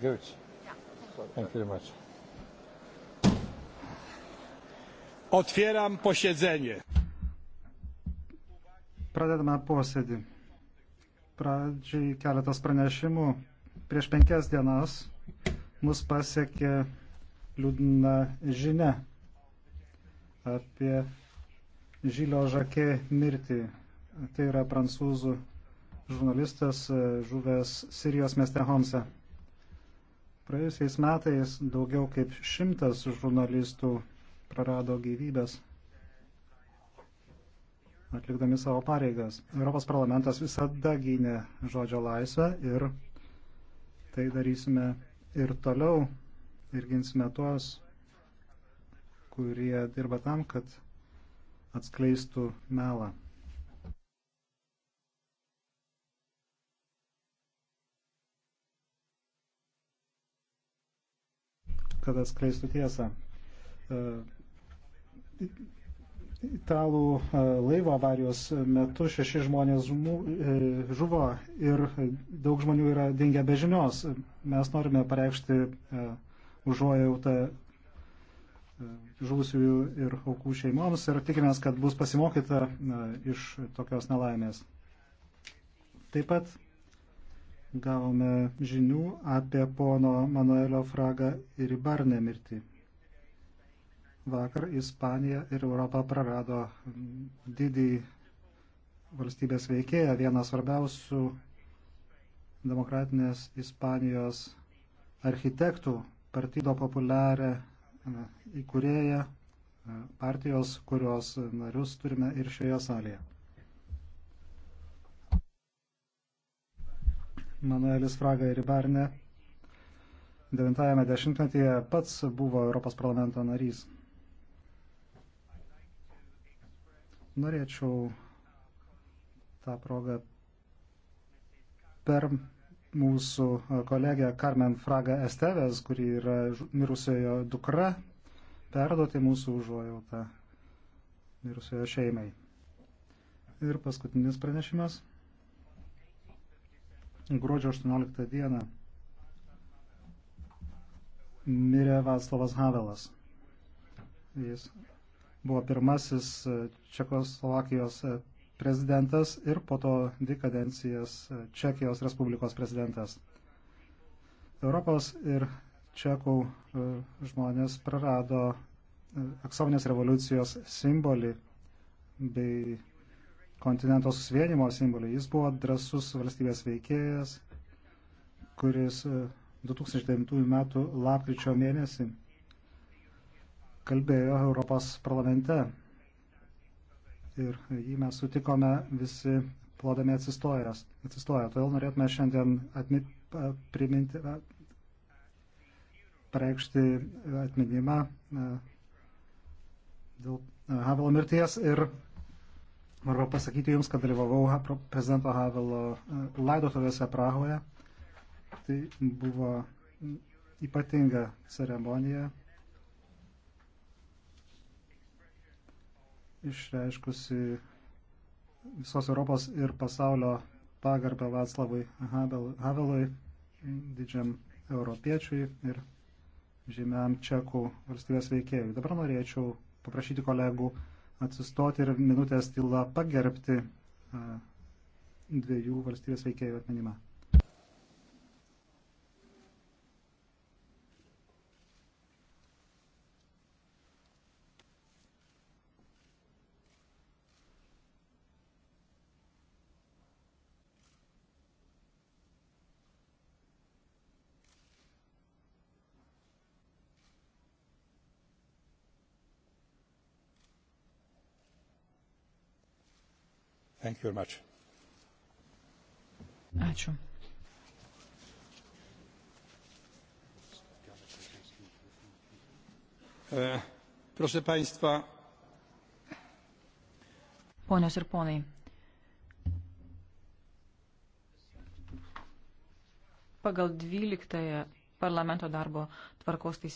Good. Thank you very much. Otwieram posiedzenie. Pradedame posėdį. Pradžiai keletas pranešimų. Prieš penkias dienas mus pasiekė liūdna žinia apie Žilio Žakė mirtį. Tai yra prancūzų žurnalistas žuvęs Sirijos mieste Homse. Praėjusiais metais daugiau kaip šimtas žurnalistų prarado gyvybės atlikdami savo pareigas. Europos parlamentas visada gynė žodžio laisvę ir tai darysime ir toliau ir ginsime tuos, kurie dirba tam, kad atskleistų melą. kad atskleistų tiesą. E, italų e, laivo avarijos metu šeši žmonės e, žuvo ir daug žmonių yra dingę be žinios. Mes norime pareikšti užuojautą žuvusiųjų ir aukų šeimoms ir tikimės, kad bus pasimokyta iš tokios nelaimės. Taip pat gavome žinių apie pono Manuelio Fragą ir Ibarnę mirtį. Vakar Ispanija ir Europa prarado didį valstybės veikėją, vieną svarbiausių demokratinės Ispanijos architektų, partido populiarę e, įkūrėją, e, partijos, kurios narius turime ir šioje salėje. Manuelis Fraga ir Barne 90-ame dešimtmetyje pats buvo Europos parlamento narys. Norėčiau tą progą per mūsų kolegę Carmen Fraga Esteves, kuri yra mirusiojo dukra, perduoti mūsų užuojautą mirusiojo šeimai. Ir paskutinis pranešimas gruodžio 18 dieną mirė Vaclavas Havelas. Jis buvo pirmasis e, Čekoslovakijos e, prezidentas ir po to dvi kadencijas e, Čekijos Respublikos prezidentas. Europos ir Čekų žmonės prarado aksominės revoliucijos simbolį bei kontinento susivienimo simbolį. Jis buvo drasus valstybės veikėjas, kuris 2009 e, m. lapkričio mėnesį kalbėjo Europos parlamente. Ir jį mes sutikome visi plodami atsistoję. Todėl norėtume šiandien atmit, priminti, pareikšti atminimą e, dėl e, Havelo mirties ir Noriu pasakyti Jums, kad dalyvavau prezidento Havelo e, laidotuvėse Prahoje. Tai buvo ypatinga ceremonija, išreiškusi visos Europos ir pasaulio pagarbę Vaclavui Havelui, didžiam europiečiui ir žymiam čekų valstybės veikėjui. Dabar norėčiau paprašyti kolegų atsistoti ir minutės tyla pagerbti dviejų valstybės veikėjų atminimą. Thank you very much. Ačiū. E, proszę Państwa. Ponios ir ponai. Pagal 12 parlamento darbo tvarkos taisyklės.